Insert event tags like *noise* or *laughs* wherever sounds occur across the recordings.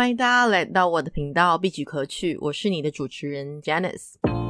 歡迎大家來到我的頻道“必取可取”，我是你的主持人 Janice。Jan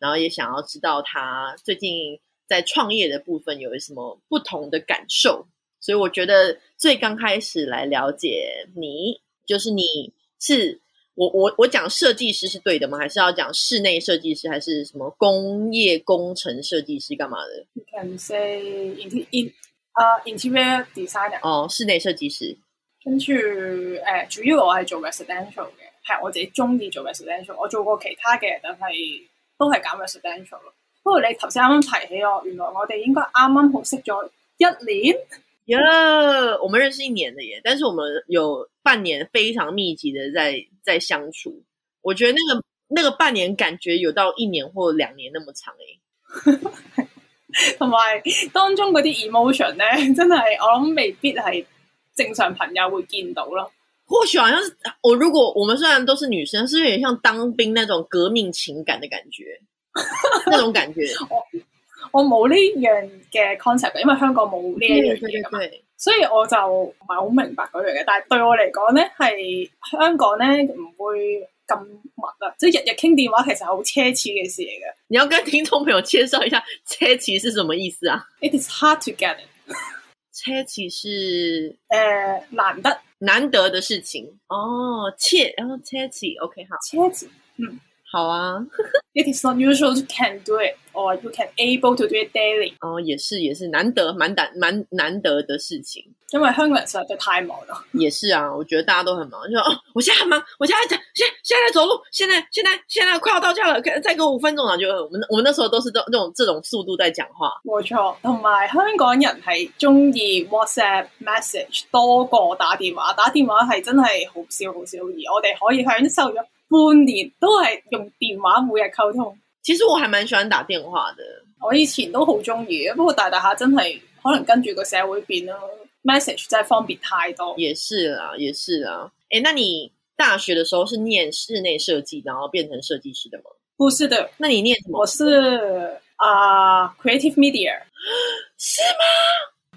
然後也想要知道他最近在創業的部分有什麼不同的感受，所以我覺得最剛開始來了解你，就是你是我我我講設計師是對的嗎？還是要講室內設計師，還是什麼工業工程設計師幹嘛的？You can say in in 啊、uh,，interior designer 哦，室內設計師。根據誒，主要我係做 residential 嘅，係我自己中意做 residential，我做過其他嘅，都係。都係減咗 schedule 咯。不過你頭先啱啱提起我，原來我哋應該啱啱好識咗一年。呀，yeah, 我們認識一年嘅嘢，但是我們有半年非常密集的在在相處。我覺得那個那個、半年感覺有到一年或兩年那麼長嘅。同埋 *laughs* 當中嗰啲 emotion 咧，真係我諗未必係正常朋友會見到啦。或許好像我，如果我們雖然都是女生，是有點像當兵那種革命情感的感覺， *laughs* 那種感覺。 *laughs* 我我冇呢樣嘅 concept，因為香港冇呢一樣嘅。對對對對，所以我就唔係好明白嗰樣嘅。但係對我嚟講咧，係香港咧唔會咁密啊，即係日日傾電話，其實好奢侈嘅事嚟嘅。你要跟聽眾朋友介紹一下奢侈是什麼意思啊？It is hard to get it. *laughs* 切齊是誒難得難得的事情，、呃、的事情哦，切然後切齊，OK 好，切齊起嗯。好啊 *laughs* ，It is not usual to can do it or you can able to do it daily。哦，也是也是難得蠻難蠻難得的事情。因為香港人實在太忙了 *laughs* 也是啊，我覺得大家都很忙，就說哦，我現在很忙，我現在在，現現在，在走路，現在現在現在快要到家了，再過五分鐘就我，我們我們那時候都是這這種這種速度在講話。冇錯，同埋香港人係中意 WhatsApp message 多過打電話，打電話係真係好少好少，而我哋可以享受咗。半年都係用電話每日溝通。其實我還蠻喜歡打電話的。我以前都好中意，不過大大下真係可能跟住個社會變咯。Message 真係方便太多。也是啦，也是啦。誒、欸，那你大學的時候是念室內設計，然後變成設計師的嗎？不是的。那你念什麼？我是啊、uh，Creative Media。是嗎？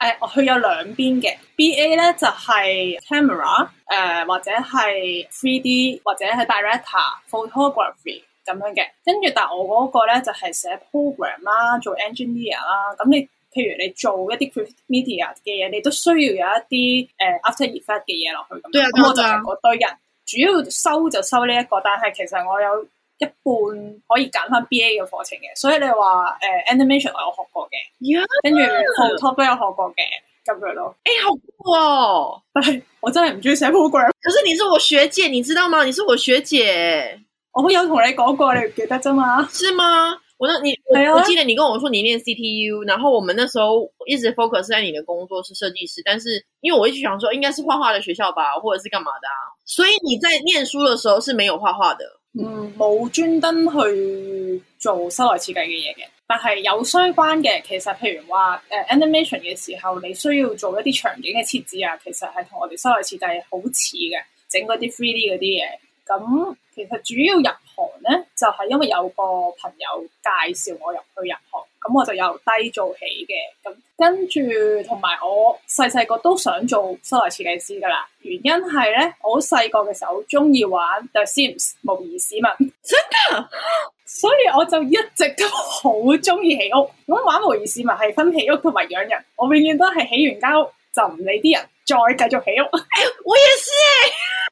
誒，佢有兩邊嘅，B A 咧就係、是、camera，誒、呃、或者係 three D 或者係 director photography 咁樣嘅，跟住但係我嗰個咧就係、是、寫 program 啦、er，啊，做 engineer 啦，咁你譬如你做一啲 creative media 嘅嘢，你都需要有一啲誒、呃、after effect 嘅嘢落去咁，咁對我就係嗰堆人，嗯、主要收就收呢、這、一個，但係其實我有。一半可以揀翻 B A 嘅課程嘅，所以你話誒、呃、，animation 我有學過嘅，跟住 Photoshop 都有學過嘅咁 Yeah. 樣咯。哎、欸，好酷哦！但係我真係唔中意寫 program。可是你是我學姐，你知道嗎？你是我學姐，我有同你講過你唔記得咋嘛？是嗎？我你我,、啊、我記得你跟我說你念 C T U，然後我們那時候一直 focus 在你的工作是設計師，但是因為我一直想說，應該是畫畫的學校吧，或者是幹嘛的啊？所以你在念書的時候是沒有畫畫的。嗯，冇專登去做室內設計嘅嘢嘅，但係有相關嘅。其實譬如話誒、呃，animation 嘅時候，你需要做一啲場景嘅設置啊，其實係同我哋室內設計好似嘅，整嗰啲 three D 嗰啲嘢。咁其實主要入行咧，就係、是、因為有個朋友介紹我入去入行，咁我就由低做起嘅。咁跟住同埋我細細個都想做室內設計師噶啦，原因係咧，我細個嘅時候中意玩 The Sims 模擬市民， *laughs* 所以我就一直都好中意起屋。咁玩模擬市民係分起屋同埋養人，我永遠都係起完間屋就唔理啲人再繼續起屋。 *laughs* 我也是。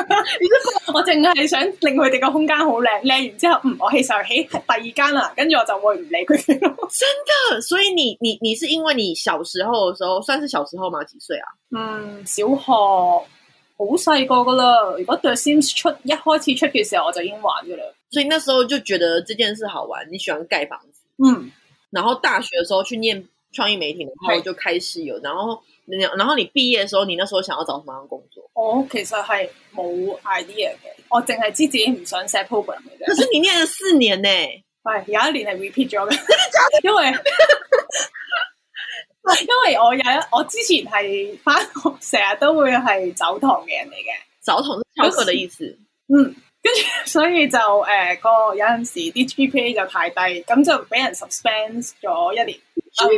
*laughs* *laughs* 我淨係想令佢哋個空間好靚，靚完之後，嗯，我起上起第二間啦，跟住我就會唔理佢哋。真噶，所以你你你是因為你小時候嘅時候，算是小時候嗎？幾歲啊？嗯，小學好細個噶啦。如果 The Sims 出一開始出嘅時候，我就已經玩噶啦。所以那時候就覺得這件事好玩，你喜歡蓋房子。嗯，然後大學嘅時候去念創意媒體，然後就開始有，是然後。然後你畢業的時候，你那時候想要找什麼樣的工作？我、哦、其實係冇 idea 嘅，我淨係知自己唔想 set program 嘅。可是你念咗四年呢？係有一年係 repeat 咗嘅， *laughs* 因為 *laughs* *laughs* 因為我有一我之前係翻學成日都會係走堂嘅人嚟嘅，走堂是翹課的意思。嗯。跟住，所以就誒，個、呃、有陣時啲 GPA 就太低，咁就俾人 suspend 咗一年，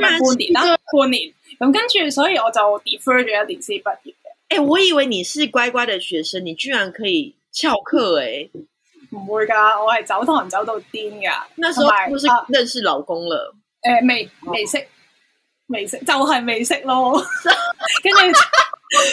半年，啦，半年，咁跟住，所以我就 defer 咗一年先畢業嘅。誒、欸，我以為你是乖乖嘅學生，你居然可以翹課誒！唔會㗎，我係走堂走到癲㗎。那時候係認識老公了。誒，未、啊、未、呃、識，未、哦、識就係、是、未識咯。跟住，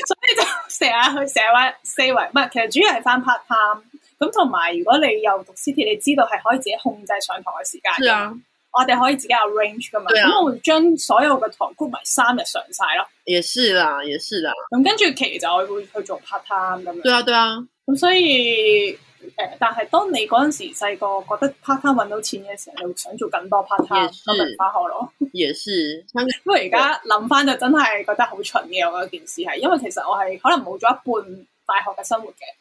所以就成日去成日話四圍，唔係其實主要係返 part time。咁同埋，如果你又讀 city，你知道係可以自己控制上堂嘅時間嘅、啊啊。我哋可以自己 arrange 噶嘛。咁、啊、我會將所有嘅堂 group 埋三日上晒咯。也是啦，也是啦。咁、嗯、跟住其就我會去做 part time 咁樣。對啊，對啊。咁、嗯、所以、呃、但係當你嗰陣時細個覺得 part time 揾到錢嘅時候，你會想做更多 part time，都返學咯。也是。 *laughs* 不過而家諗翻就真係覺得好蠢嘅，我件事係，因為其實我係可能冇咗一半大學嘅生活嘅。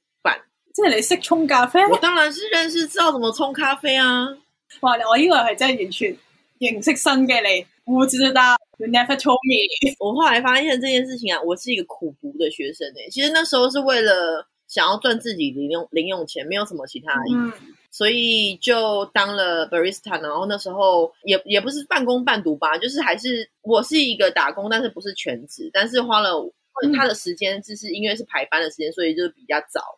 即係你識沖咖啡？我當然是認識知道怎麼沖咖啡啊！哇，我以為係真係完全認識新嘅你，唔知得，you never told me。我後來發現這件事情啊，我是一個苦讀的學生呢，欸。其實那時候是為了想要賺自己零用零用錢，沒有什麼其他意義，嗯、所以就當了 barista。然後那時候也也不是半工半讀吧，就是還是我是一個打工，但是不是全職，但是花了他的時間，就是因為是排班的時間，所以就比較早。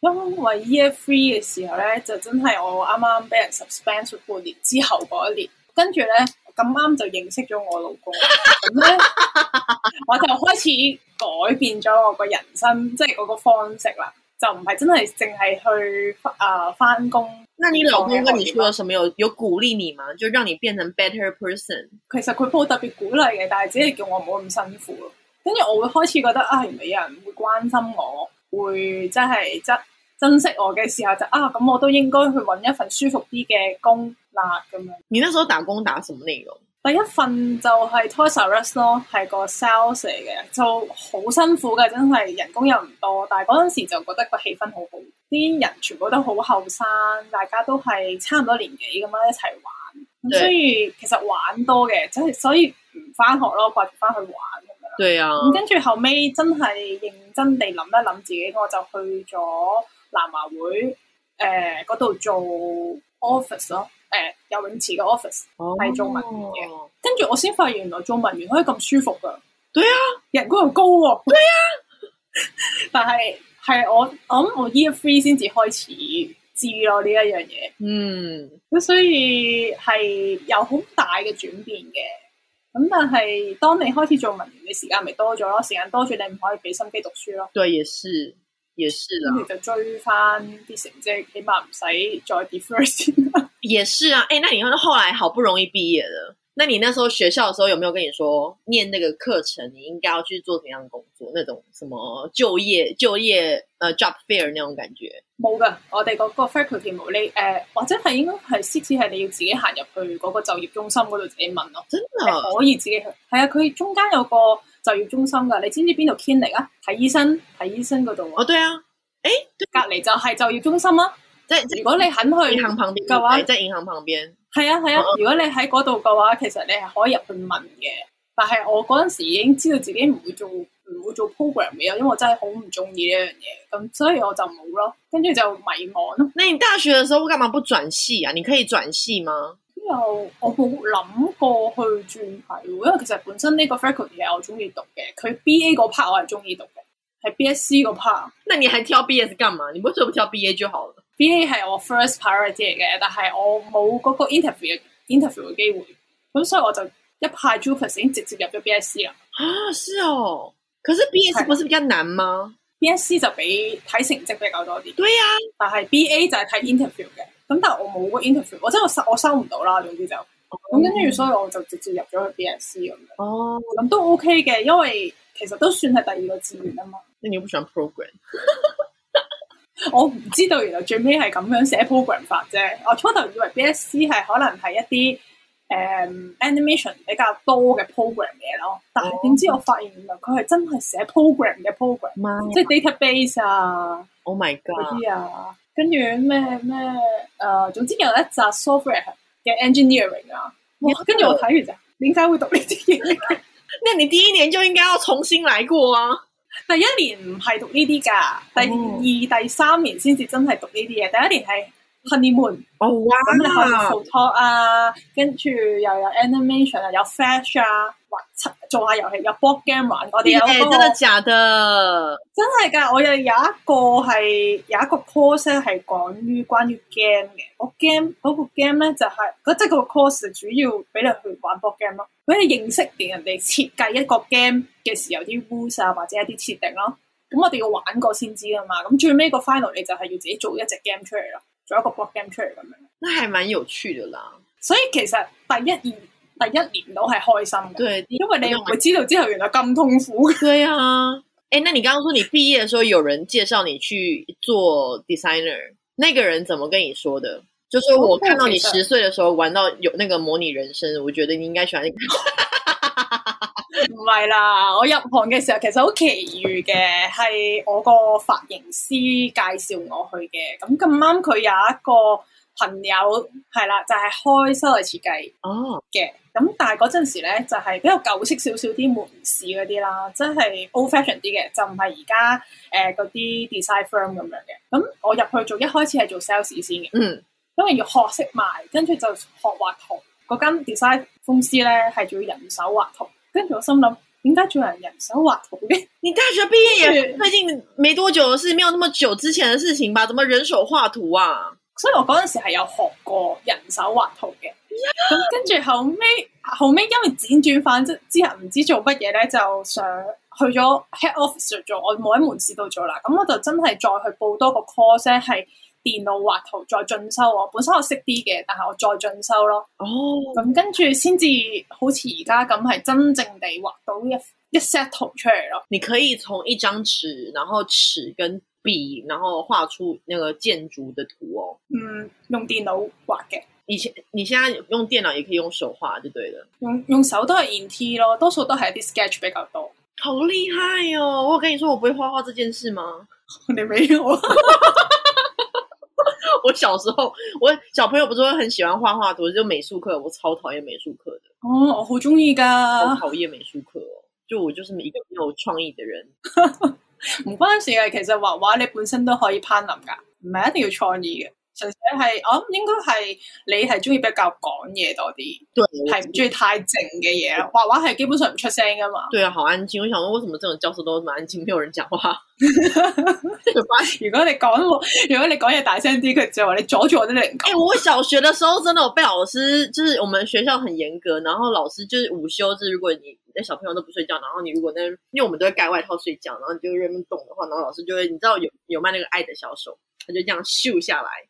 因為 year three 嘅時候咧，就真係我啱啱俾人 suspend 半年之後嗰一年，跟住咧咁啱就認識咗我老公，咁咧 *laughs* 我就開始改變咗我個人生，即係我個方式啦，就唔係真係淨係去啊翻工。呃、那你老公跟你說了什麼有？有有鼓勵你嗎？就讓你變成 better person？其實佢冇特別鼓勵嘅，但係只係叫我唔好咁辛苦咯。跟住我會開始覺得啊，係咪有人會關心我？會真係真珍惜我嘅時候就啊，咁，我都應該去揾一份舒服啲嘅工啦咁樣。你嗰陣時打工打什麼內容？第一份就係 Toys R Us 咯，係個 sales 嚟嘅，就好辛苦嘅，真係人工又唔多。但係嗰陣時就覺得個氣氛好好，啲人全部都好後生，大家都係差唔多年紀咁樣一齊玩。對所以其實玩多嘅，即係所以唔翻學咯，掛住翻去玩。對啊，咁跟住後尾真係認真地諗一諗自己，我就去咗南華會誒嗰度做 office 咯。哦，誒游泳池嘅 office 係做文員嘅。跟住、哦、我先發現原來做文員可以咁舒服噶，對啊，人工又高喎，啊，對啊。但係係我我我 year three 先至開始知咯呢一樣嘢，嗯，咁所以係有好大嘅轉變嘅。咁但係當你開始做文員嘅時間咪多咗咯，時間多咗，你唔可以俾心機讀書咯。對，也是，也是啊，咁你就追翻啲成績起碼唔使再 defer 先。也是啊，誒，那你後後來好不容易畢業了。那你那時候學校嘅時候，有冇有跟你說念那個課程，你應該要去做怎樣的工作？那種什麼就業就業，呃，job fair 那種感覺？冇噶，我哋嗰個 faculty 冇你誒、呃，或者係應該係甚至係你要自己行入去嗰個就業中心嗰度自己問咯、哦。真啊的、呃，可以自己去。係啊，佢中間有個就業中心噶，你知唔知邊度 clinic 啊？睇醫生睇醫生嗰度。哦，對啊，誒，隔籬就係就業中心啊。在，在如果你肯去銀行旁邊嘅話邊、哎，在銀行旁邊。係啊係啊，如果你喺嗰度嘅話，其實你係可以入去問嘅。但係我嗰陣時已經知道自己唔會做唔會做 program 嘅，因為我真係好唔中意呢樣嘢，咁所以我就冇咯。跟住就迷茫咯。那你大學嘅時候，我幹嘛不轉系啊？你可以轉系嗎？因為我冇諗過去轉系，因為其實本身呢個 faculty 我中意讀嘅，佢 B A 嗰 part 我係中意讀嘅，係 B S C 嗰 part。那你還挑 B S 幹嘛？你唔會說挑 B A 就好。B A 係我 first priority 嚟嘅，但係我冇嗰個 interview interview 嘅機會，咁所以我就一派 juice，已經直接入咗 B S C 啦。啊，是哦，可是 B S C 不是，是比較難嗎？B S C 就比睇成績比較多啲。對啊，但係 B A 就係睇 interview 嘅，咁但係我冇個 interview，我真係我收我收唔到啦。總之就咁跟住，oh. 所以我就直接入咗去 B S C 咁樣。哦，咁都 O K 嘅，因為其實都算係第二個志願啊嘛。那你唔想 program？ *laughs* 我唔知道，原來最尾係咁樣寫 program 法啫。我初頭以為 BSC 係可能係一啲誒、嗯、animation 比較多嘅 program 嘢咯，但係點知我發現原來佢係真係寫 program 嘅 program，、哦、即係 database 啊，oh my God 嗰啲啊，跟住咩咩誒，總之有一集 software 嘅 engineering 啊，跟住、哦哦、我睇完就點解會讀呢啲嘢？咩？你第一年就應該要重新嚟過啊！第一年唔係讀呢啲噶，第二、第三年先至真係讀呢啲嘢。第一年係。Honey Moon，咁你學下 photo 啊，跟住、oh, yeah. 又有 animation 啊，有 flash 啊，或做下遊戲，有 b 博 game 玩。Yeah, 我哋有講，真的假的？真係噶！我又有一個係有一個 course 係講於關於 game 嘅，我 game 嗰個 game 咧就係、是，即、那、係個 course 主要俾你去玩、BO、b 博 game 咯，俾你認識人哋設計一個 game 嘅時候啲烏啊或者一啲設定咯。咁我哋要玩過先知噶嘛？咁最尾個 final 你就係要自己做一隻 game 出嚟咯。做一個 block game 出嚟咁樣，那還蠻有趣的啦。所以其實第一年第一年都係開心的，對，因為你唔會知道之後原來咁痛苦。對啊，誒，那你剛剛說你畢業的時候有人介紹你去做 designer，那個人怎麼跟你說的？就說、是、我看到你十歲的時候玩到有那個模擬人生，我覺得你應該喜歡。 *laughs* 唔係啦，我入行嘅時候其實好奇遇嘅，係我個髮型師介紹我去嘅。咁咁啱佢有一個朋友係啦，就係、是、開休閒設計哦嘅。咁但係嗰陣時咧就係、是、比較舊式少少啲門市嗰啲啦，真係 old fashion 啲嘅，就唔係而家誒嗰啲、呃、design firm 咁樣嘅。咁我入去做一開始係做 sales 先嘅，嗯，因為要學識賣，跟住就學畫圖。嗰間 design 公司咧係做人手畫圖。跟住我心諗點解仲有人手畫圖嘅？你大學畢業也、啊、著最近沒多久，事沒有那麼久之前的事情吧？怎麼人手畫圖啊？所以我嗰陣時係有學過人手畫圖嘅。咁 Yeah! 跟住後尾，後尾因為輾轉反側之後，唔知做乜嘢咧，就上去咗 head office 度做，我冇喺門市度做啦。咁我就真係再去報多個 course 咧，係。電腦畫圖再進修，我本身我識啲嘅，但係我再進修咯。哦、oh. 嗯，咁跟住先至好似而家咁係真正地畫到一，一 set 圖出嚟咯。你可以從一張紙，然後尺跟筆，然後畫出那個建築的圖哦。嗯，用電腦畫嘅。以前你，你現在用電腦也可以用手畫就對了。用用手都係 in T 咯，多數都係一啲 sketch 比較多。好厲害哦！我跟你說我不會畫畫這件事嗎？你沒有。 *laughs* *laughs* 我小時候，我小朋友不是會很喜歡畫畫圖，我就美術課我超討厭美術課的。哦，我好中意噶，好討厭美術課。就我就是一個沒有創意的人。唔 *laughs* 關事，其實畫畫你本身都可以攀諗噶，唔係一定要創意嘅。純粹係，我諗應該係你係中意比較講嘢多啲，係唔中意太靜嘅嘢。畫畫係基本上唔出聲噶嘛。對啊，好安靜。我想問，為什麼這種教室都咁安靜，沒有人講話？ *laughs* *laughs* 如？如果你講，如果你講嘢大聲啲，佢就話你阻住我哋。因為、欸、我小學的時候，真的我被老師，就是我們學校很嚴格，然後老師就是午休，就是如果你啲小朋友都不睡覺，然後你如果在，因為我們都會蓋外套睡覺，然後你就喺度動的話，然後老師就會，你知道有有賣那個愛的小手，他就這樣秀下來。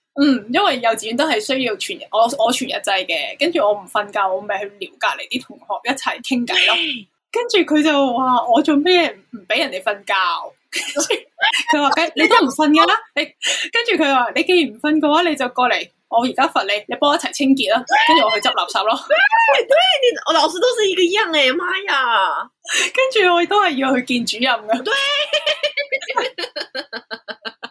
嗯，因為幼稚園都係需要全日，我我全日制嘅，跟住我唔瞓覺，我咪去撩隔籬啲同學一齊傾偈咯。跟住佢就話我做咩唔唔俾人哋瞓覺？佢 *laughs* 話你都唔瞓噶啦，你跟住佢話你既然唔瞓嘅話，你就過嚟，我而家罰你，你幫我一齊清潔啦，跟住 *coughs* 我去執垃圾咯。對， *coughs* *coughs* 我老師都是一個樣，哎媽呀！跟住我都係要去見主任噶。 *coughs* *coughs* *coughs*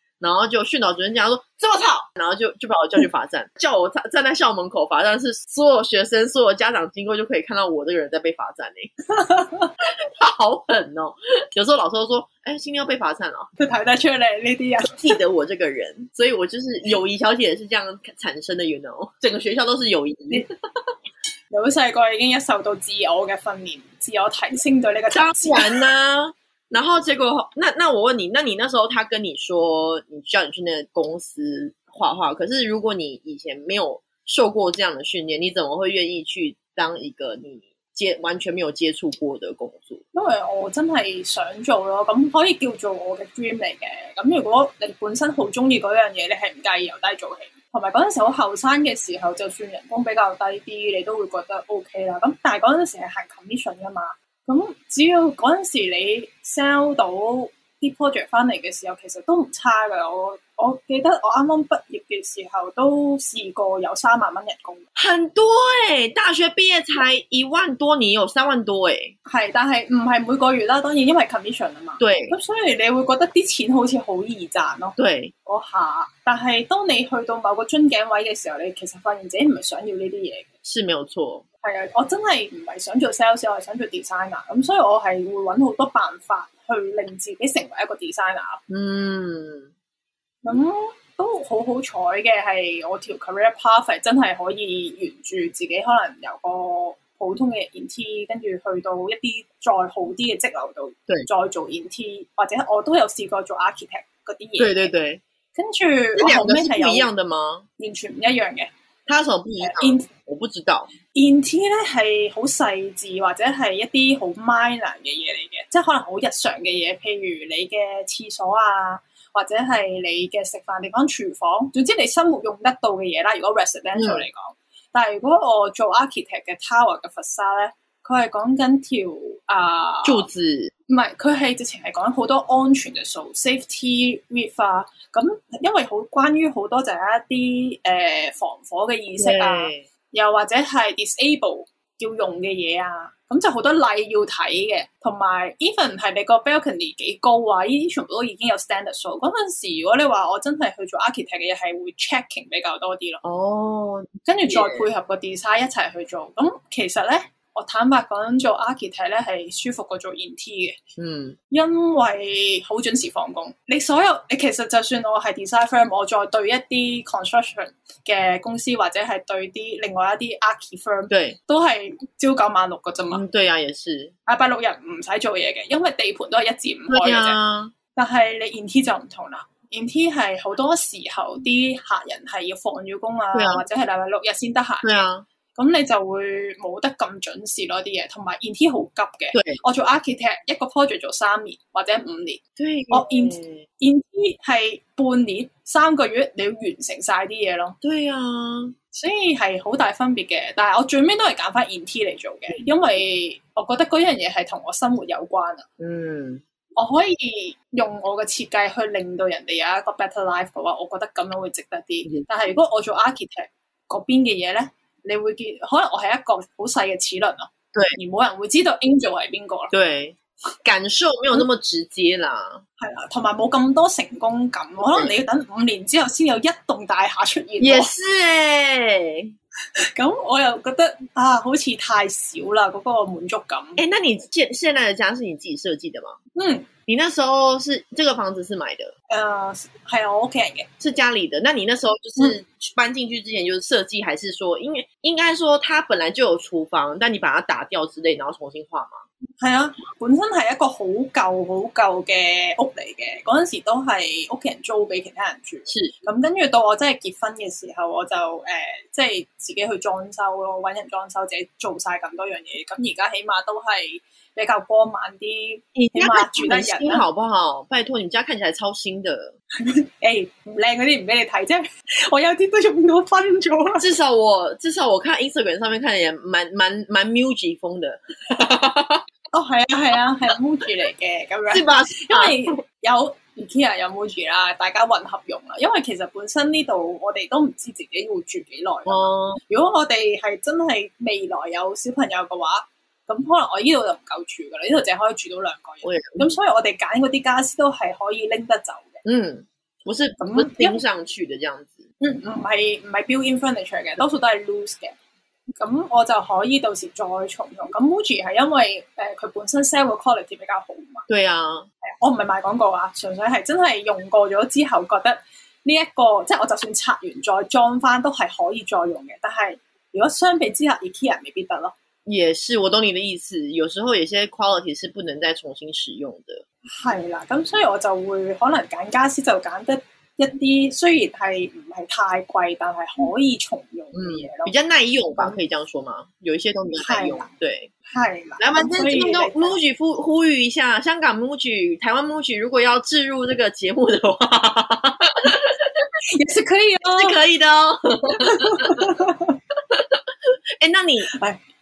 然後就訓導主任講說：“這麼吵！”然後就就把我叫去罰站， *laughs* 叫我站站在校門口罰站，是所有學生、所有家長經過就可以看到我這個人在被罰站嘞。 *laughs* 他好狠哦！有時候老師都說：“哎，今天要被罰站了、哦。睇得出。”這排在前裏那啲啊記得我這個人， *laughs* 所以我就是友誼小姐也是這樣產生的，you know？整個學校都是友誼。 *laughs* 你哋細個已經一受到自我嘅訓練，自我提升咗那個當然啦、啊。 *laughs* 然後結果，那那我問你，那你那時候，他跟你說，你叫你去那公司畫畫，可是如果你以前沒有受過這樣的訓練，你怎麼會願意去當一個你接完全沒有接觸過的工作？因為我真係想做咯，咁可以叫做我嘅 dream 嚟嘅。咁如果你本身好中意嗰樣嘢，你係唔介意由低做起。同埋嗰陣時候後生嘅時候，就算人工比較低啲，你都會覺得 OK 啦。咁但係嗰陣時係行 commission 㗎嘛。咁只要嗰陣時你 sell 到啲 project 翻嚟嘅時候，其實都唔差噶。我我記得我啱啱畢業嘅時候都試過有三萬蚊人工，很多誒、欸！大學畢業才一萬多，年，有三萬多誒、欸，係，但係唔係每個月啦，當然因為 commission 啊嘛，對，咁所以你會覺得啲錢好似好易賺咯，對，下，但係當你去到某個樽頸位嘅時候，你其實發現自己唔係想要呢啲嘢，是沒有錯，係啊，我真係唔係想做 sales，我係想做 designer，咁所以我係會搵好多辦法去令自己成為一個 designer，嗯，咁、嗯。都好好彩嘅，係我條 career path 真係可以沿住自己可能由個普通嘅 intern 跟住去到一啲再好啲嘅職流度，對再做 intern 或者我都有試過做 architect 嗰啲嘢。對對對，跟住後尾係唔一樣嘅嘛？完全唔一樣嘅，他所不一樣。Uh, int, 我不知道 intern 咧係好細致或者係一啲好 minor 嘅嘢嚟嘅，即係可能好日常嘅嘢，譬如你嘅廁所啊。或者係你嘅食飯地方、廚房，總之你生活用得到嘅嘢啦。如果 residential 嚟講，嗯、但如果我做 architect 嘅 tower 嘅 Facade 咧，佢係講緊條啊柱子，唔係佢係直情係講好多安全嘅數、mm hmm.，Safety Ref 啊。咁因為好關於好多就係一啲、呃、防火嘅意識啊，mm hmm. 又或者係 disable。要用嘅嘢啊，咁就好多例要睇嘅，同埋 even 係你個 balcony 幾高啊，依啲全部都已經有 standard 數。嗰陣時如果你話我真係去做 architect 嘅嘢，係會 checking 比較多啲咯。哦，跟住再配合個 design 一齊去做，咁 Yeah. 其實咧。我坦白講，做 architect 咧，係舒服過做 int 嘅，的嗯，因為好準時放工。你所有，你其實就算我係 design firm，我再對一啲 construction 嘅公司或者係對啲另外一啲 architect firm，對，都係朝九晚六噶啫嘛。對啊，也是。禮拜六日唔使做嘢嘅，因為地盤都係一至五開嘅啫。啊、但係你 int 就唔同啦，int 係好多時候啲客人係要放咗工啊，啊或者係禮拜六日先得閒嘅。咁你就會冇得咁準時咯啲嘢，同埋 NT 好急嘅。對我做 architect 一個 project 做三年或者五年，的我 NT 係係半年三個月，你要完成晒啲嘢咯。對啊，所以係好大分別嘅。但係我最尾都係揀翻 NT 嚟做嘅，嗯、因為我覺得嗰樣嘢係同我生活有關啊。嗯，我可以用我嘅設計去令到人哋有一個 better life 嘅話，我覺得咁樣會值得啲。嗯、但係如果我做 architect 嗰邊嘅嘢咧。你會見可能我係一個好細嘅齒輪咯，對而冇人會知道 Angel 係邊個啦。對，感受沒有咁直接啦，係啦、啊，同埋冇咁多成功感，對可能你要等五年之後先有一棟大廈出現。也是 Yes.、哦。Yes. 咁我又覺得啊，好似太少啦，嗰、那個滿足感。誒、欸，那你現現在的家是你自己設計的嗎？嗯，你那時候是這個房子是買的，呃係 OK 嘅，是，我家的是家裏的。那你那時候就是搬進去之前就設計，還是說，因、嗯、應該說，它本來就有廚房，但你把它打掉之類，然後重新畫嗎？係啊，本身係一個好舊好舊嘅屋嚟嘅，嗰陣時都係屋企人租俾其他人住。咁跟住到我真係結婚嘅時候，我就誒、呃，即係自己去裝修咯，搵人裝修，自己做晒咁多樣嘢。咁而家起碼都係比較光猛啲。而家、欸、住得人、啊，好不好？拜託，你家看起來超新嘅。誒、 *laughs* 欸，靚嗰啲唔俾你睇啫。我有啲都用不到分咗。至少我至少我看 Instagram 上面睇，也蠻蠻蠻 Muji 風的。 *laughs* 哦，係、oh, 啊，係啊，係 Muji 嚟嘅咁樣，因爲有 IKEA 有 Muji 啦，大家混合用啦。因爲其實本身呢度我哋都唔知自己會住幾耐咯。Oh. 如果我哋係真係未來有小朋友嘅話，咁可能我呢度就唔夠住噶啦，呢度淨可以住到兩個月。咁、oh. 所以我哋揀嗰啲家私都係可以拎得走嘅。嗯，不是咁拎上去嘅，這樣子。嗯，唔係唔係 built-in furniture 嘅，多數都係 loose 嘅。咁我就可以到時再重用。咁 Muji 係因為誒佢、呃、本身 sell 嘅 quality 比較好嘛。對啊，係啊，我唔係賣廣告啊，純粹係真係用過咗之後覺得呢、這、一個即係我就算拆完再裝翻都係可以再用嘅。但係如果相比之下，IKEA 未必得咯。也是，我懂你的意思。有時候有些 quality 是不能再重新使用的。係啦，咁所以我就會可能揀家私就揀得。一啲雖然係唔係太貴，但係可以重用嘅嘢咯，比較耐用吧？可以這樣說嗎？有一些東西耐用，太難對，係難。咁啊吧，今日都 Muji 呼呼籲一下，香港 Muji、台灣 Muji，如果要置入這個節目的話，也是可以哦，是可以的哦。誒、 *laughs* *laughs* *laughs* 欸，那你？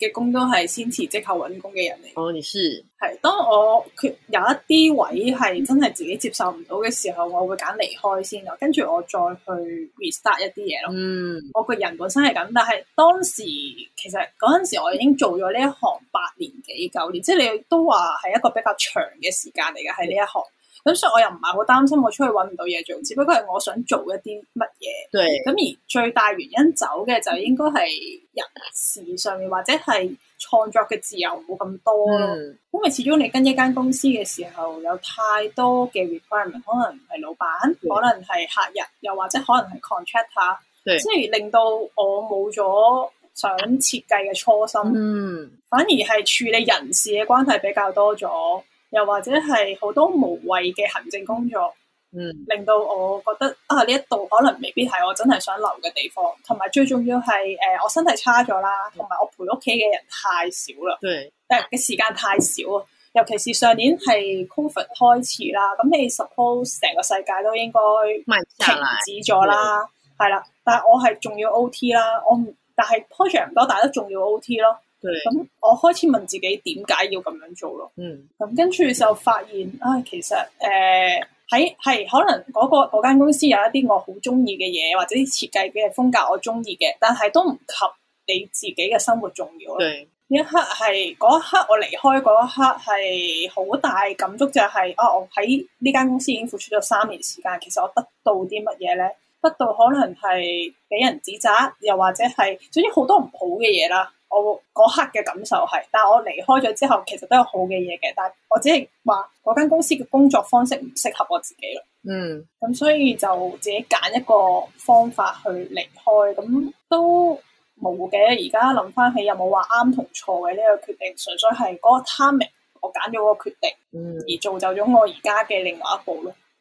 嘅工都係先辭職後搵工嘅人嚟，哦，你是係當我缺有一啲位係真係自己接受唔到嘅時候，我會揀離開先咯，跟住我再去 restart 一啲嘢咯。嗯，我個人本身係咁，但係當時其實嗰陣時我已經做咗呢一行八年幾九年，即係你都話係一個比較長嘅時間嚟嘅，喺呢一行。嗯咁所以我又唔係好擔心我出去揾唔到嘢做，只不過係我想做一啲乜嘢。咁對而最大原因走嘅就應該係人事上面，或者係創作嘅自由冇咁多咯。嗯、因為始終你跟一間公司嘅時候，有太多嘅 requirement，可能係老闆，對可能係客人，又或者可能係 contractor，對即係令到我冇咗想設計嘅初心，嗯、反而係處理人事嘅關係比較多咗。又或者係好多無謂嘅行政工作，嗯，令到我覺得啊呢一度可能未必係我真係想留嘅地方，同埋最重要係誒我身體差咗啦，同埋、嗯、我陪屋企嘅人太少啦，對、嗯，但係嘅時間太少啊，尤其是上年係 COVID 開始啦，咁你 suppose 成個世界都應該停止咗啦，係啦、嗯嗯，但係我係仲要 OT 啦，我唔，但係 project 唔多，但係都仲要 OT 咯。.咁對我開始問自己點解要咁樣做咯？咁跟住就發現，嗯、啊，其實誒喺係可能嗰、嗰個嗰間公司有一啲我好中意嘅嘢，或者啲設計嘅風格我中意嘅，但係都唔及你自己嘅生活重要咯。呢對一刻係嗰一刻，我離開嗰一刻係好大感觸、就係，就係啊，我喺呢間公司已經付出咗三年時間，其實我得到啲乜嘢咧？得到可能係俾人指責，又或者係總之好多唔好嘅嘢啦。我嗰刻嘅感受係，但係我離開咗之後，其實都有好嘅嘢嘅。但係我只係話嗰間公司嘅工作方式唔適合我自己咯。嗯，咁所以就自己揀一個方法去離開，咁都冇嘅。而家諗翻起，有冇話啱同錯嘅呢個決定？純粹係嗰個 timing，我揀咗個決定，而造就咗我而家嘅另外一步咯。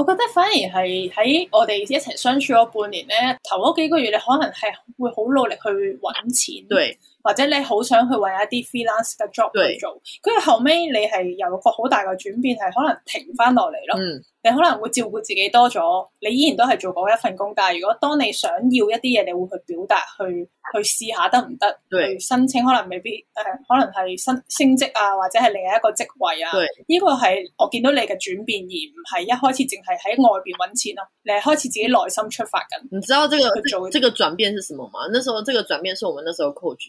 我覺得反而係喺我哋一齊相處咗半年咧，頭嗰幾個月你可能係會好努力去揾錢，對。或者你好想去搵一啲 freelance 嘅 job 去做，跟住對後尾你係有一個好大嘅轉變，係可能停翻落嚟咯。嗯、你可能會照顧自己多咗，你依然都係做嗰一份工，但係如果當你想要一啲嘢，你會去表達，去去試下得唔得，對去申請，可能未必誒，可能係升升職啊，或者係另一個職位啊。呢對個係我見到你嘅轉變，而唔係一開始淨係喺外邊搵錢咯。你係開始自己內心出發緊。你知道這個去做這個轉變是什麼嗎？那時候，這個轉變是我們那時候的 coach。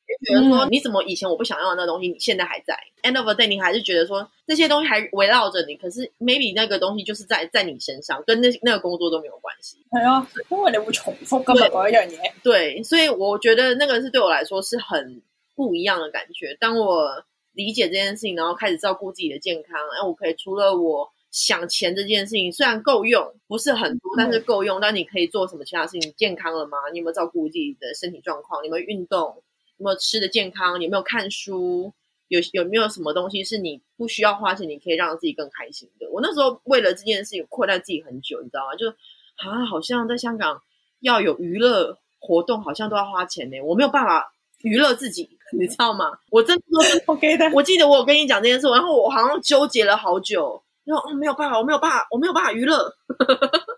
就覺得說，你怎麼以前我不想要的那東西，你現在還在？End of the day，你還是覺得說這些東西還圍繞着你。可是 maybe 那個東西就是在在你身上，跟那那個工作都沒有關係。係啊、哎，因為你會重複根本嗰一樣嘢。對，所以我覺得那個是對我來說是很不一樣的感覺。當我理解這件事情，然後開始照顧自己的健康，哎，我可以除了我想錢這件事情，雖然夠用，不是很多，但是夠用。但你可以做什麼其他事情？健康了嗎？你有沒有照顧自己的身體狀況？你有冇運動？有沒有吃的健康？有沒有看書？有有沒有什麼東西是你不需要花錢，你可以讓自己更開心的？我那時候為了這件事情困擾自己很久，你知道嗎？就啊，好像在香港要有娛樂活動，好像都要花錢呢。我沒有辦法娛樂自己，你知道嗎？我真的 OK 的。我記得我有跟你講這件事，然後我好像糾結了好久。然後、哦、沒，沒有辦法，我沒有辦法，我沒有辦法娛樂。 *laughs*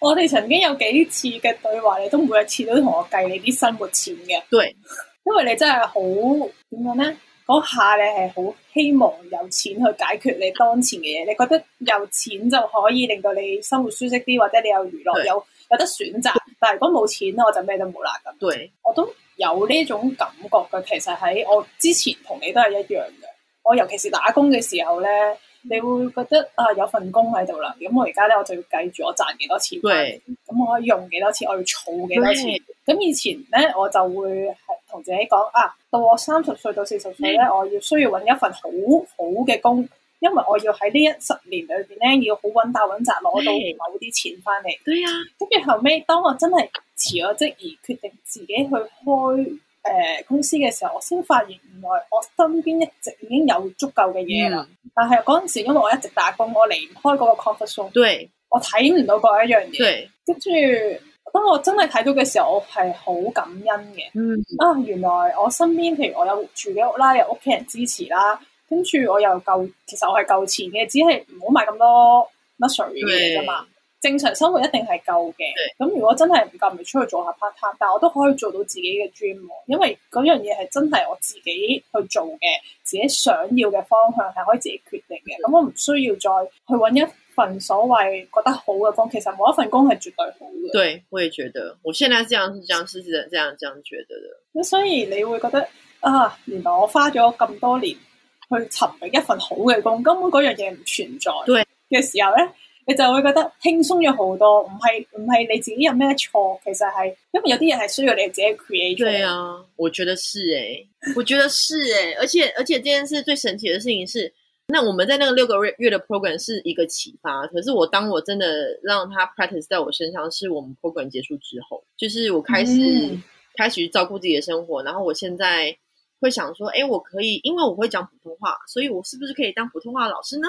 我哋曾經有幾次嘅對話，你都每一次都同我計你啲生活錢嘅。對。因為你真係好點樣咧，嗰下你係好希望有錢去解決你當前嘅嘢，你覺得有錢就可以令到你生活舒適啲，或者你有娛樂，對有有得選擇。但係如果冇錢咧，我就咩都冇啦咁。對我都有呢種感覺嘅，其實喺我之前同你都係一樣嘅。我尤其是打工嘅時候咧。你會覺得啊，有份工喺度啦，咁我而家咧，我就要計住我賺幾多錢，咁對我可以用幾多錢，我要儲幾多錢。咁對以前咧，我就會係同自己講啊，到我三十歲到四十歲咧，對我要需要搵一份好好嘅工，因為我要喺呢一十年裏邊咧，要好穩打穩紮攞到某啲錢翻嚟。對啊，跟住後尾，當我真係辭咗職，而決定自己去開誒、呃，公司嘅時候，我先發現，原來我身邊一直已經有足夠嘅嘢啦。嗯、但係嗰陣時，因為我一直打工，我離唔開嗰個 comfort zone。對，我睇唔到嗰一樣嘢。對，跟住當我真係睇到嘅時候，我係好感恩嘅。嗯，啊，原來我身邊譬如我有住嘅屋啦，有屋企人支持啦，跟住我又夠，其實我係夠錢嘅，只係唔好買咁多乜水嘅嘢啫嘛。正常生活一定係夠嘅，咁對如果真係唔夠，咪出去做下 part time。Part, 但我都可以做到自己嘅 dream，因為嗰樣嘢係真係我自己去做嘅，自己想要嘅方向係可以自己決定嘅。咁對我唔需要再去揾一份所謂覺得好嘅工，其實冇一份工係絕對好嘅。對，我也覺得，我現在這樣、這樣、這樣、這樣、這樣覺得的。咁所以你會覺得啊，原來我花咗咁多年去尋覓一份好嘅工，根本嗰樣嘢唔存在嘅時候咧，你就會覺得輕鬆了好多，唔係唔係你自己有咩錯，其實係因為有啲嘢係需要你自己 create。對啊，我覺得是誒、欸，我覺得是誒、欸， *laughs* 而且而且這件事最神奇的事情是，那我們在那個六個月的 program 是一個啟發，可是我當我真的讓他 practice 在我身上，是我們 program 結束之後，就是我開始、嗯、開始去照顧自己的生活，然後我現在會想說，誒、欸，我可以因為我會講普通話，所以我是不是可以當普通話的老師呢？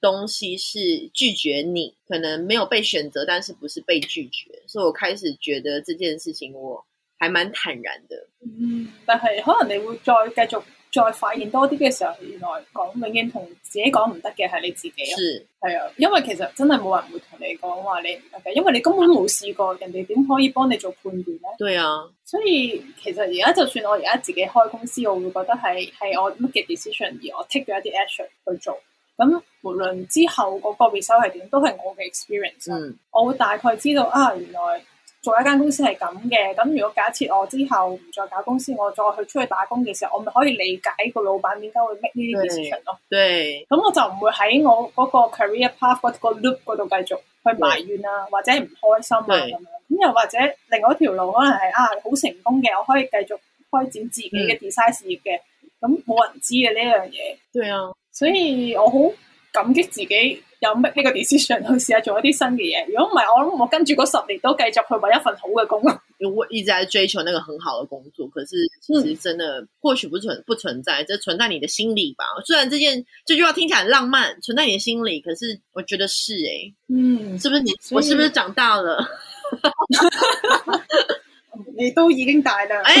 東西是拒絕你，可能沒有被選擇，但是不是被拒絕，所以我開始覺得這件事情我還蠻坦然的。嗯，但係可能你會再繼續再發現多啲嘅時候，原來講永遠同自己講唔得嘅係你自己。是係啊，因為其實真係冇人會同你講話你唔得嘅，因為你根本冇試過，人哋點可以幫你做判斷咧？對啊，所以其實而家就算我而家自己開公司，我會覺得係係我 make 嘅 decision 而我 take 咗一啲 action 去做。咁無論之後個結果係點，都係我嘅 experience。嗯、我會大概知道啊，原來做一間公司係咁嘅。咁如果假設我之後唔再搞公司，我再去出去打工嘅時候，我咪可以理解個老闆點解會 make 呢啲事情咯。對，咁我就唔會喺我嗰個 career path 嗰個 loop 嗰度繼續去埋怨啦，對或者唔開心啊咁對樣。咁又或者另外一條路可能係啊，好成功嘅，我可以繼續開展自己嘅 design 事業嘅。咁冇、嗯、人知嘅呢樣嘢。對啊。所以我好感激自己有呢個 decision 去試下做一啲新嘅嘢。如果唔係，我諗我跟住嗰十年都繼續去揾一份好嘅工作。我一直在追求那個很好的工作，可是其實真的、嗯、或許不存不存在，就存在你的心裏吧。雖然這件這句話聽起來很浪漫，存在你的心裏，可是我覺得是誒、欸，嗯，是不是你？所以我是不是長大了？ *laughs* *laughs* 你都已經大啦。哎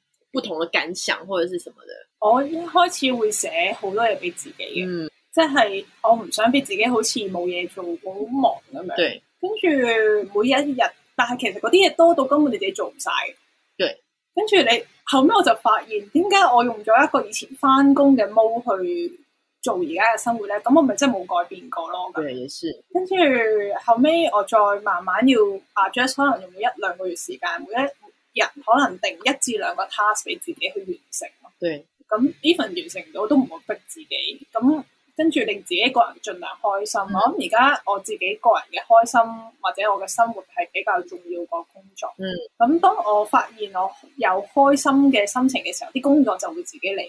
不同的感想或者是什麼的，我一開始會寫好多嘢俾自己嘅，嗯、即係我唔想俾自己好似冇嘢做好忙咁樣。對，跟住每一日，但係其實嗰啲嘢多到根本你自己做唔晒。對，跟住你後尾，我就發現，點解我用咗一個以前返工嘅毛去做而家嘅生活咧？咁我咪真係冇改變過咯。對，也是。跟住後尾，我再慢慢要 address，可能用一兩個月時間，每一。人可能定一至兩個 task 俾自己去完成咯，咁 even 對完成唔到都唔好逼自己，咁跟住令自己個人盡量開心。嗯、我諗而家我自己個人嘅開心或者我嘅生活係比較重要個工作。咁、嗯、當我發現我有開心嘅心情嘅時候，啲工作就會自己嚟。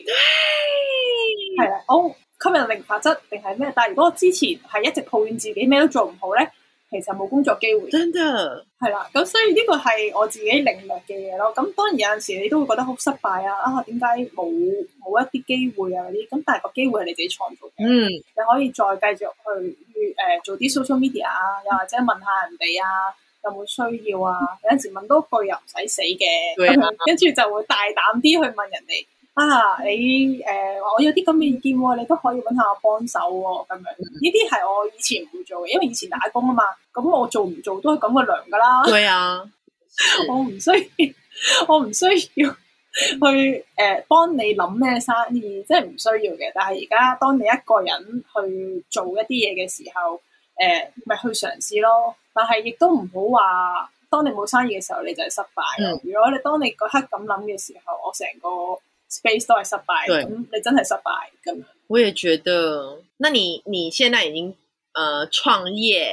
係啦， *laughs* 我、oh，今日吸引力法則定係咩？但係如果我之前係一直抱怨自己咩都做唔好咧？其實冇工作機會，真嘅係啦。咁所以呢個係我自己領略嘅嘢咯。咁當然有陣時你都會覺得好失敗啊！啊，點解冇冇一啲機會啊？嗰啲咁，但係個機會係你自己創造嘅。嗯，你可以再繼續去誒、呃、做啲 social media 啊，又或者問下人哋啊，有冇需要啊？有陣時問多句又唔使死嘅，跟住 *laughs* 就會大膽啲去問人哋。啊！你誒、呃，我有啲咁嘅意見，你都可以搵下我幫手咁樣。呢啲係我以前唔會做嘅，因為以前打工啊嘛。咁我做唔做都係咁嘅糧噶啦。對啊呀， *laughs* 我唔需要，我唔需要去誒幫、呃、你諗咩生意，即係唔需要嘅。但係而家當你一個人去做一啲嘢嘅時候，誒、呃，咪去嘗試咯。但係亦都唔好話，當你冇生意嘅時候，你就係失敗。嗯、如果你當你嗰刻咁諗嘅時候，我成個。space 都係失敗，咁對、嗯、你真係失敗咁。我也覺得，那你你現在已經，誒、呃，創業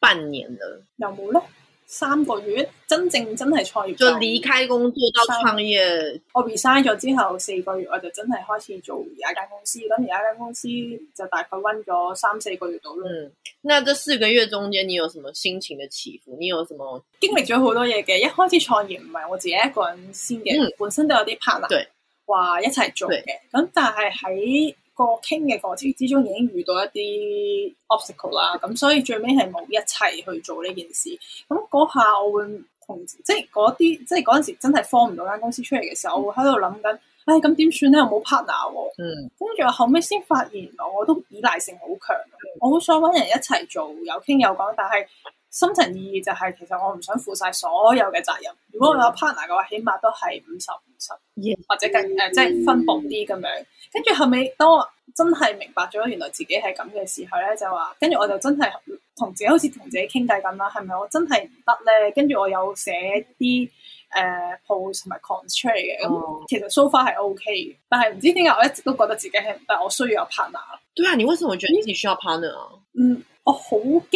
半年啦，有冇呢？三個月，真正真係創，創業，就離開工作到創業。我 resign 咗之後四個月，我就真係開始做另一間公司，咁另一間公司就大概溫咗三四個月到咯。嗯，那這四個月中間你有什麼心情的起伏？你有什麼經歷咗好多嘢嘅？一開始創業唔係我自己一個人先嘅，嗯、本身都有啲 partner。對話一齊做嘅，咁的但係喺個傾嘅過程之中已經遇到一啲 obstacle 啦，咁所以最尾係冇一齊去做呢件事。咁嗰下我會同，即係嗰啲，即係嗰陣時真係放唔到間公司出嚟嘅時候，我會喺度諗緊，唉、哎，咁點算咧？又冇 partner，嗯，跟住我後尾先發現我，我都依賴性好強，我好想搵人一齊做，有傾有講，但係。深層意義就係，其實我唔想負晒所有嘅責任。如果我有 partner 嘅話，起碼都係五十五十，50, Yeah. 或者更誒，即、呃、係、就是、分薄啲咁樣。跟住後尾，當我真係明白咗，原來自己係咁嘅時候咧，就話，跟住我就真係同自己好似同自己傾偈咁啦。係咪我真係唔得咧？跟住我有寫啲誒 post 同埋 content 嘅。咁、呃 oh. 其實 so far 係 OK，但係唔知點解我一直都覺得自己係但我需要有 partner。對啊，你為什麼覺得你需要 partner 啊、嗯？嗯。我好驚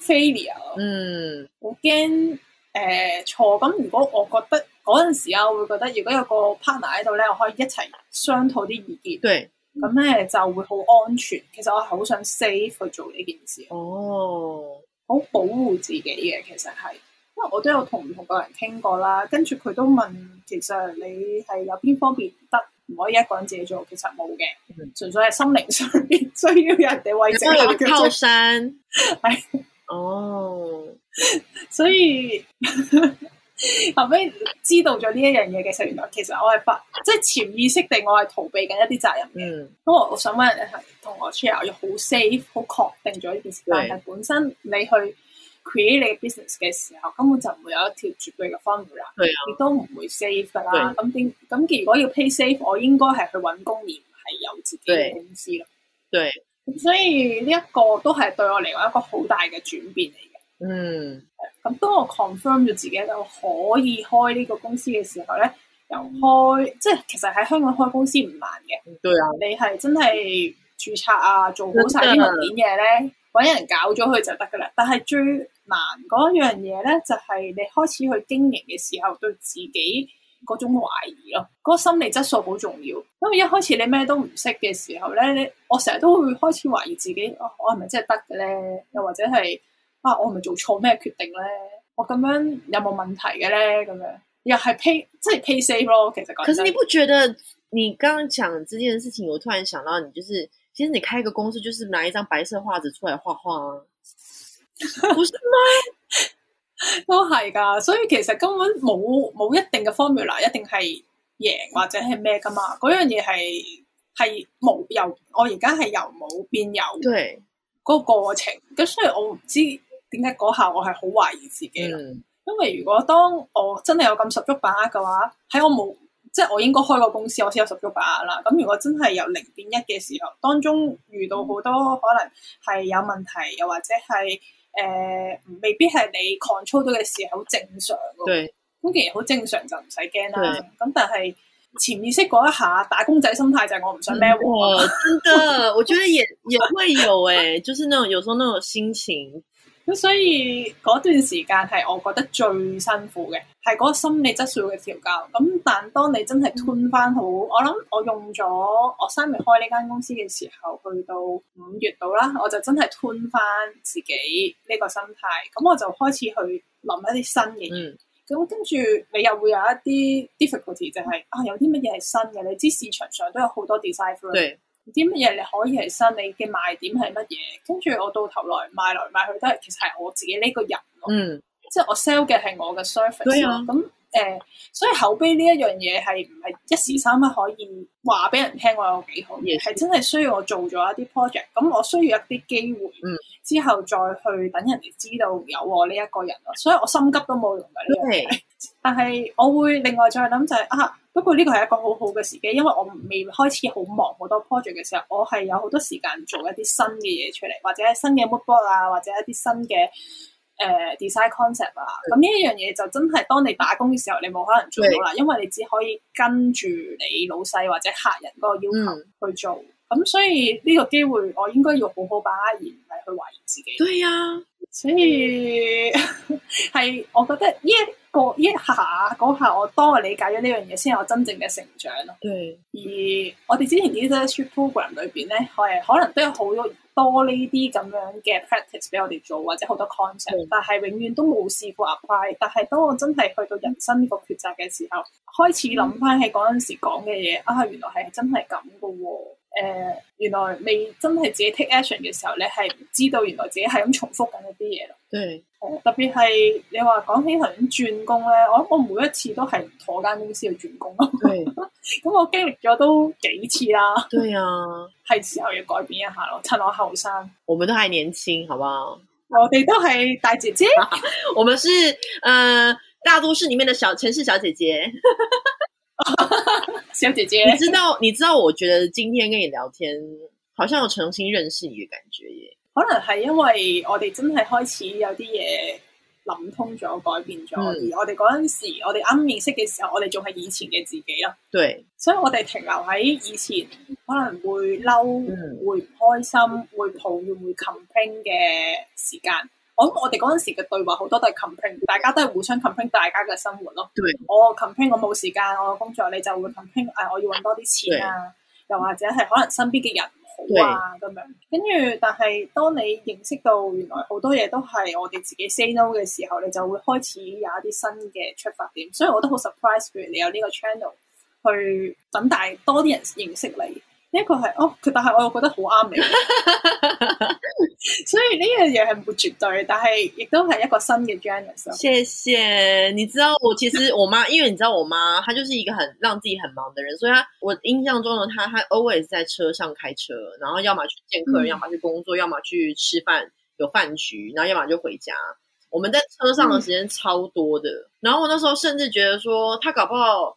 failure，嗯，好驚誒錯。咁、呃、如果我覺得嗰陣時啊，會覺得如果有個 partner 喺度咧，我可以一齊商討啲意見，對，咁咧就會好安全。其實我係好想 safe 去做呢件事，哦，好保護自己嘅。其實係，因為我都有跟不同唔同個人傾過啦，跟住佢都問，其實你係有邊方面唔得？唔可以一個人自己做，其實冇嘅，mm hmm. 純粹係心靈上邊需要人哋為自己係有個哦。 *laughs* oh. *laughs* 所以 *laughs* 後尾知道咗呢一樣嘢，其實原來其實我係發即係潛意識地、mm hmm.，我係逃避緊一啲責任嘅。咁因為我想問你同我 share，我要好 safe，好確定咗呢件事，mm hmm. 但係本身你去，create 你嘅 business 嘅時候，根本就唔會有一條絕對嘅方案、啊、啦，亦都唔會 save 㗎啦。咁點咁？如果要 pay safe，我應該係去揾工，而唔係有自己嘅公司咯。對，咁所以呢一個都係對我嚟講一個好大嘅轉變嚟嘅。嗯，咁當我 confirm 咗自己就可以開呢個公司嘅時候咧，由開、嗯、即係其實喺香港開公司唔難嘅。對啊，你係真係註冊啊，做好晒啲文件嘢咧。搵人搞咗佢就得噶啦，但係最難嗰樣嘢咧，就係、是、你開始去經營嘅時候，對自己嗰種懷疑咯，嗰、那個心理質素好重要。因為一開始你咩都唔識嘅時候咧，我成日都會開始懷疑自己，啊、我係咪真係得嘅咧？又或者係啊，我係咪做錯咩決定咧？我咁樣有冇問題嘅咧？咁樣又係 pay 即係 pay safe 咯。其實講，可是你不覺得你剛剛講這件事情，我突然想到你就是。其實你開一個公司，就是拿一張白色畫紙出嚟。畫畫啊？不是咩？ *laughs* 都係噶，所以其實根本冇冇一定嘅 formula，一定係贏或者係咩噶嘛？嗰樣嘢係係冇由，我而家係由冇變有，對嗰個過程。咁所以我唔知點解嗰下我係好懷疑自己啦。嗯、因為如果當我真係有咁十足把握嘅話，喺我冇。即係我應該開個公司，我先有十足把握啦。咁如果真係有零變一嘅時候，當中遇到好多可能係有問題，又或者係誒、呃，未必係你 control 到嘅時候好正常的。對，咁其實好正常就唔使驚啦。咁對但係潛意識嗰一下，打工仔心態就是我唔想孭、嗯、我。真的， *laughs* 我覺得也也會有誒， *laughs* 就是那種有時候那種心情。咁所以嗰段時間係我覺得最辛苦嘅，係嗰個心理質素嘅調教。咁但當你真係 turn 翻好，嗯、我諗我用咗我三月開呢間公司嘅時候，去到五月度啦，我就真係吞翻自己呢個心態。咁我就開始去諗一啲新嘅嘢。咁跟住你又會有一啲 difficulty，就係、是、啊有啲乜嘢係新嘅？你知市場上都有好多 designer。啲乜嘢你可以係新？你嘅賣點係乜嘢？跟住我到頭來賣來賣去都係，其實係我自己呢個人咯。嗯，即係我 sell 嘅係我嘅 service 咯。咁誒、呃，所以口碑呢一樣嘢係唔係一時三刻可以話俾人聽我有幾好嘢？係、嗯、真係需要我做咗一啲 project，咁我需要一啲機會，嗯、之後再去等人哋知道有我呢一個人咯。所以我心急都冇用噶呢樣嘢。但係我會另外再諗就係、是、啊，不過呢個係一個很好好嘅時機，因為我未開始好忙好多 project 嘅時候，我係有好多時間做一啲新嘅嘢出嚟，或者新嘅 moodboard 啊，或者一啲新嘅誒、呃、design concept 啊，咁呢一樣嘢，就真係當你打工嘅時候，你冇可能做到啦，是的 因為你只可以跟住你老細或者客人嗰個要求去做。咁、嗯、所以呢個機會，我應該要好好把握而唔係去懷疑自己。對呀、啊。所以係、mm. *laughs* 我覺得呢一個呢下嗰下，我當我理解咗呢樣嘢，先我真正嘅成長咯。對。Mm. 而我哋之前啲 leadership program 裏邊咧，係可能都有好多多呢啲咁樣嘅 practice 俾我哋做，或者好多 concept，mm. 但係永遠都冇試過 apply。但係當我真係去到人生呢個抉擇嘅時候，開始諗翻起嗰陣時講嘅嘢，mm. 啊，原來係真係咁噶喎。誒、呃，原來你真係自己 take action 嘅時候，你係唔知道原來自己係咁重複緊一啲嘢咯。對、呃、特別係你話講起想轉工咧，我我每一次都係坐間公司去轉工咯。對，咁 *laughs* 我經歷咗都幾次啦。對啊，係時候要改變一下咯，趁我後生。我們都還年輕，好不好？我哋都係大姐姐， *laughs* *laughs* 我們是，誒、呃，大都市裏面的小城市小姐姐。 *laughs* *laughs* 小姐姐 *laughs* 你，你知道你知道，我覺得今天跟你聊天，好像有重新認識你嘅感覺耶。可能係因為我哋真係開始有啲嘢諗通咗，改變咗，嗯、而我哋嗰陣時，我哋啱認識嘅時候，我哋仲係以前嘅自己咯。對，所以我哋停留喺以前，可能會嬲，嗯、會唔開心，會抱怨，會 complain 嘅時間。我我哋嗰陣時嘅對話好多都係 complain，大家都係互相 complain 大家嘅生活咯。對我 complain 我冇時間，我工作你就會 complain 誒我要揾多啲錢啊，對又或者係可能身邊嘅人唔好啊咁對樣跟住，但係當你認識到原來好多嘢都係我哋自己 say no 嘅時候，你就會開始有一啲新嘅出發點，所以我都好 surprise 譬如你有呢個 channel 去等大，多啲人認識你。呢個係哦，但係我又覺得好啱你， *laughs* *laughs* 所以呢樣嘢係冇絕對，但係亦都係一個新嘅 genre。謝謝，你知道我其實我媽，因為你知道我媽，她就是一個很讓自己很忙的人，所以，她，我印象中呢，她，她 always 在車上開車，然後要麼去見客人，嗯、要麼去工作，要麼去吃飯有飯局，然後要麼就回家。我們在車上的時間超多的，嗯、然後我那時候甚至覺得說，她搞不好。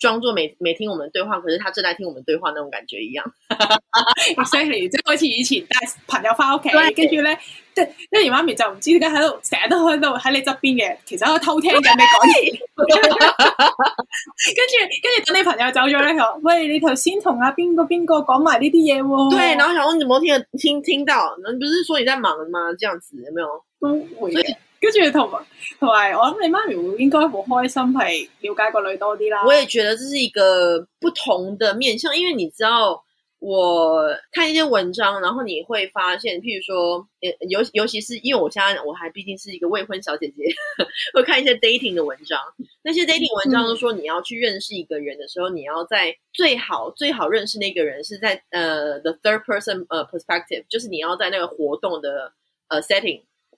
裝作每每聽我們的對話，可是他正在聽我們的對話那種感覺一樣。我成日同阿爺、阿爺以前帶朋友翻屋企，跟住咧，即係阿媽咪就唔知點解喺度，成日都喺度喺你側邊嘅，其實喺度偷聽緊你講嘢。跟住跟住等你朋友走咗咧，佢話 *laughs* 喂，你頭先同阿邊個邊個講埋呢啲嘢喎。對，然後想問你冇聽聽聽到，你不是說你在忙嗎？這樣子有沒有 *laughs* 所，以所跟住同我諗你媽咪應該好開心，係了解個女多啲啦。我也覺得這是一個不同的面向，因為你知道，我看一些文章，然後你會發現，譬如說，尤尤其是因為我現在我還畢竟是一個未婚小姐姐，會看一些 dating 的文章。那些 dating 文章都說你要去認識一個人的時候，嗯、你要在最好最好認識那個人是在，呃、uh，the third person 呃 perspective，就是你要在那個活動的呃、uh, setting。.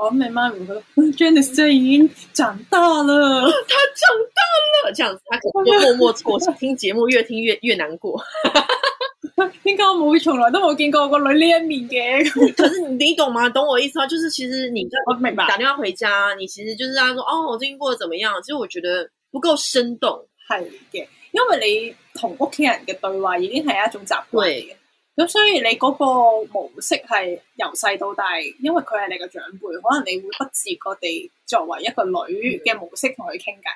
我媽媽會覺得 Janice 已經長大了，他 *laughs* 長大了，這樣子，他可默默坐下聽節目，越聽越越難過。 *laughs* 應該我冇從來都冇見過我個女呢一面嘅。 *laughs* 可是你懂嗎？懂我意思嗎？就是其實你我明白打電話回家， *laughs* 白你其實就是喺說哦，我最近過得怎麼樣？其實我覺得不夠生動，係嘅，因為你同屋企人嘅對話已經係一種習慣。咁所以你嗰個模式係由細到大，因為佢係你嘅長輩，可能你會不自覺地作為一個女嘅模式同佢傾偈。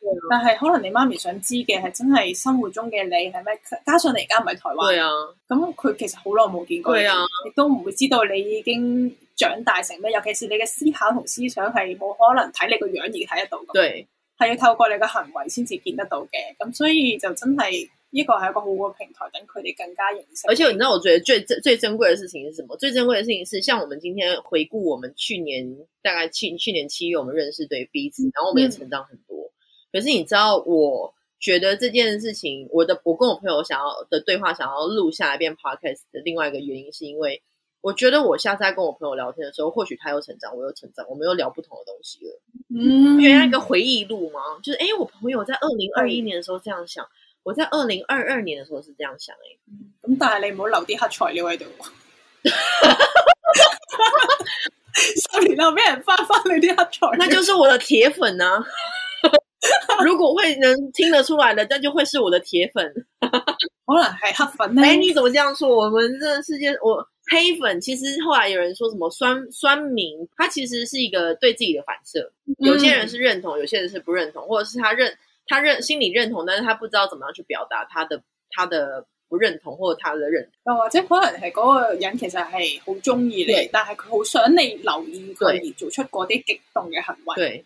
嗯、但係可能你媽咪想知嘅係真係生活中嘅你係咩？加上你而家唔係台灣，咁佢、啊、其實好耐冇見過你，亦、啊、都唔會知道你已經長大成咩。尤其是你嘅思考同思想係冇可能睇你個樣而睇得到嘅，係對要透過你嘅行為先至見得到嘅。咁所以就真係。一個係一個好嘅平台，等佢哋更加認識。而且你知道，我覺得最最珍貴的事情是什麼？最珍貴的事情是，像我們今天回顧，我們去年大概去去年七月，我們認識對彼此，然後我們也成長很多。嗯、可是你知道，我覺得這件事情，我的我跟我朋友想要的對話，想要錄下來變 podcast 的另外一個原因，是因為我覺得我下次再跟我朋友聊天的時候，或許他又成長，我又成長，我們又聊不同的東西了。嗯，原來一個回憶錄嘛，就是哎、欸、我朋友在二零二一年的時候這樣想。嗯我在二零二二年的時候是這樣想的，咁、嗯、但係你唔好留啲黑材料喺度，十年後俾人發翻你啲黑材料，那就是我的鐵粉呢、啊。 *laughs* *laughs* 如果會能聽得出來的，那就會是我的鐵粉。好啦，係黑粉呢，哎、欸，你怎麼這樣說？我們這個世界，我黑粉其實後來有人說什麼酸酸民，他其實是一個對自己的反射。嗯、有些人是認同，有些人是不認同，或者是他認。他認心理認同，但是他不知道怎麼樣去表達他的他的不認同或者他的認同，又或者可能係嗰個人其實係好中意你，對但係佢好想你留意佢而做出嗰啲激動嘅行為，對，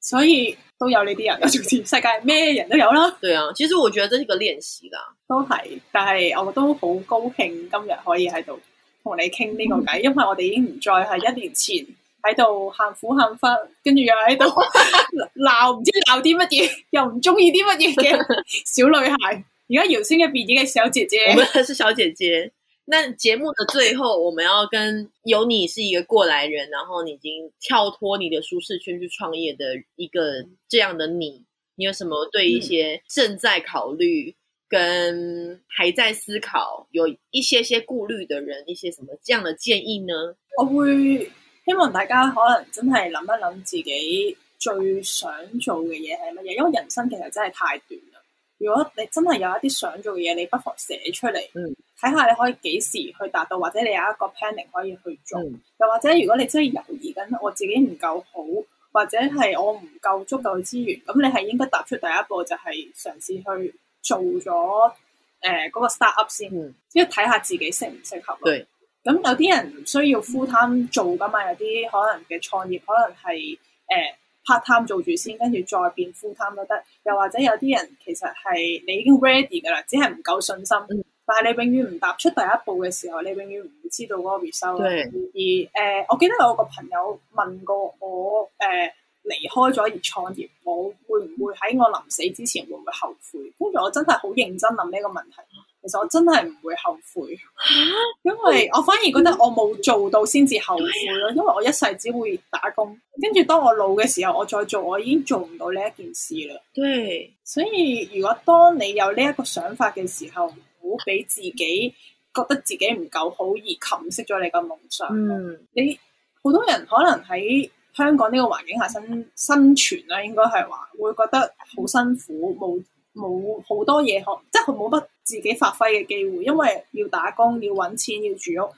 所以都有呢啲人啊，總之 *laughs* 世界咩人都有啦，對啊。其實我覺得呢係個練習啦，都係，但係我都好高興今日可以喺度同你傾呢個偈，嗯、因為我哋已經唔再係一年前。喺度喊苦喊忽，跟住又喺度鬧，唔知鬧啲乜嘢，又唔中意啲乜嘢嘅小女孩。而家搖身一變嘅小姐姐，我們係是小姐姐。那節目的最後，我們要跟有你是一個過來人，然後你已經跳脫你的舒適圈去創業的一個這樣的你，你有什麼對一些正在考慮跟還在思考，有一些些顧慮的人，一些什麼這樣的建議呢？我會。希望大家可能真係諗一諗自己最想做嘅嘢係乜嘢，因為人生其實真係太短啦。如果你真係有一啲想做嘅嘢，你不妨寫出嚟，睇下、嗯、你可以幾時去達到，或者你有一個 planning 可以去做。嗯、又或者如果你真係猶豫緊，我自己唔夠好，或者係我唔夠足夠資源，咁你係應該踏出第一步，就係嘗試去做咗誒嗰個 start up 先，即係睇下自己適唔適合咯。咁有啲人唔需要 full time 做噶嘛，有啲可能嘅創業可能係、呃、part time 做住先，跟住再變 full time 都得。又或者有啲人其實係你已經 ready 噶啦，只係唔夠信心。嗯、但係你永遠唔踏出第一步嘅時候，你永遠唔知道嗰個 result。對而誒、呃，我記得有個朋友問過我誒離、呃、開咗而創業，我會唔會喺我臨死之前會唔會後悔？跟住我真係好認真諗呢個問題。其實我真係唔會後悔，因為我反而覺得我冇做到先至後悔咯。因為我一世只會打工，跟住當我老嘅時候，我再做，我已經做唔到呢一件事啦。對，所以如果當你有呢一個想法嘅時候，唔好俾自己覺得自己唔夠好而冚熄咗你嘅夢想。嗯，你好多人可能喺香港呢個環境下生生存咧，啊，應該係話會覺得好辛苦，冇。冇好多嘢學，即係佢冇乜自己發揮嘅機會，因為要打工、要揾錢、要住屋。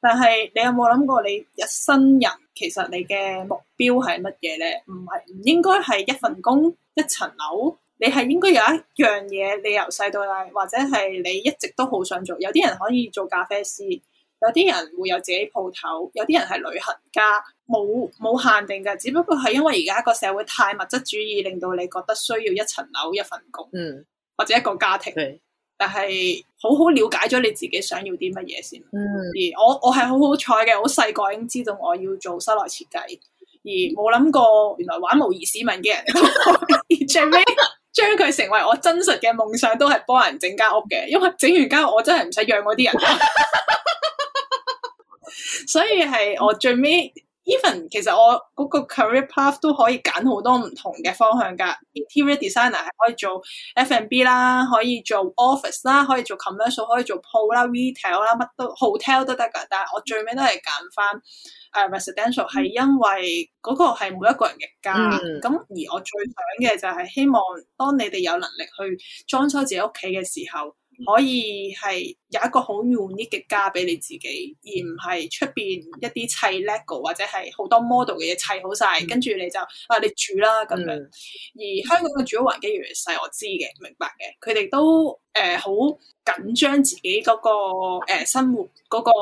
但係你有冇諗過，你一生人其實你嘅目標係乜嘢咧？唔係，唔應該係一份工、一層樓，你係應該有一樣嘢，你由細到大，或者係你一直都好想做。有啲人可以做咖啡師。有啲人會有自己鋪頭，有啲人係旅行家，冇冇限定嘅，只不過係因為而家一個社會太物質主義，令到你覺得需要一層樓、一份工，嗯、或者一個家庭。是但係好好了解咗你自己想要啲乜嘢先。嗯、而我我係好好彩嘅，好細個已經知道我要做室內設計，而冇諗過原來玩模擬市民嘅人， *laughs* 最尾將佢成為我真實嘅夢想，都係幫人整間屋嘅，因為整完間屋我真係唔使養嗰啲人。所以係我最尾，even 其實我嗰個 career path 都可以揀好多唔同嘅方向噶，interior designer 係可以做 F&B 啦，B, 可以做 office 啦，可以做 commercial，可以做鋪啦，retail 啦，乜都 hotel 都得噶。但係我最尾都係揀翻誒 residential，係因為嗰個係每一個人嘅家。咁、嗯、而我最想嘅就係希望，當你哋有能力去裝修自己屋企嘅時候。可以係有一個好 unique 嘅家俾你自己，而唔係出邊一啲砌 Lego 或者係好多 model 嘅嘢砌好晒。嗯、跟住你就啊你住啦咁樣。嗯、而香港嘅住屋環境越嚟越細，我知嘅，明白嘅。佢哋都誒好、呃、緊張自己嗰、嗰個、呃、生活嗰、嗰個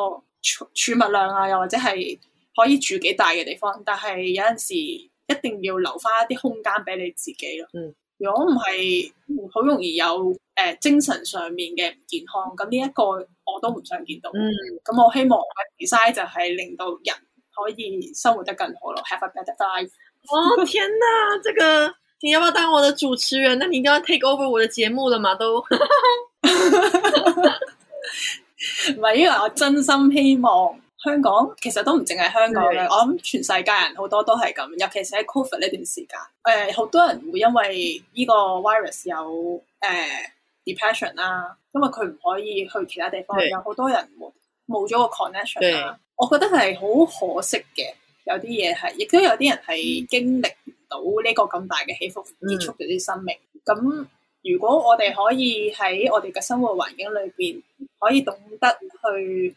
儲物量啊，又或者係可以住幾大嘅地方，但係有陣時候一定要留翻一啲空間俾你自己咯。嗯如果唔係，好容易有誒、呃、精神上面嘅唔健康，咁呢一個我都唔想見到。咁、嗯、我希望我嘅 design 就係令到人可以生活得更好咯。Have a better life. 哦天啊、啊，這個你要不要當我的主持人？那你就要 take over 我的節目啦嘛都。唔係， *laughs* *laughs* 因為我真心希望。香港其實都唔淨係香港嘅，的我諗全世界人好多都係咁，尤其是喺 Covid 呢段時間，誒、呃，好多人會因為呢個 virus 有誒、呃、depression 啦，因為佢唔可以去其他地方，的有好多人冇咗個 connection 啦的。我覺得係好可惜嘅，有啲嘢係，亦都有啲人係經歷唔到呢個咁大嘅起伏，結束咗啲生命。咁、嗯、如果我哋可以喺我哋嘅生活環境裏邊，可以懂得去。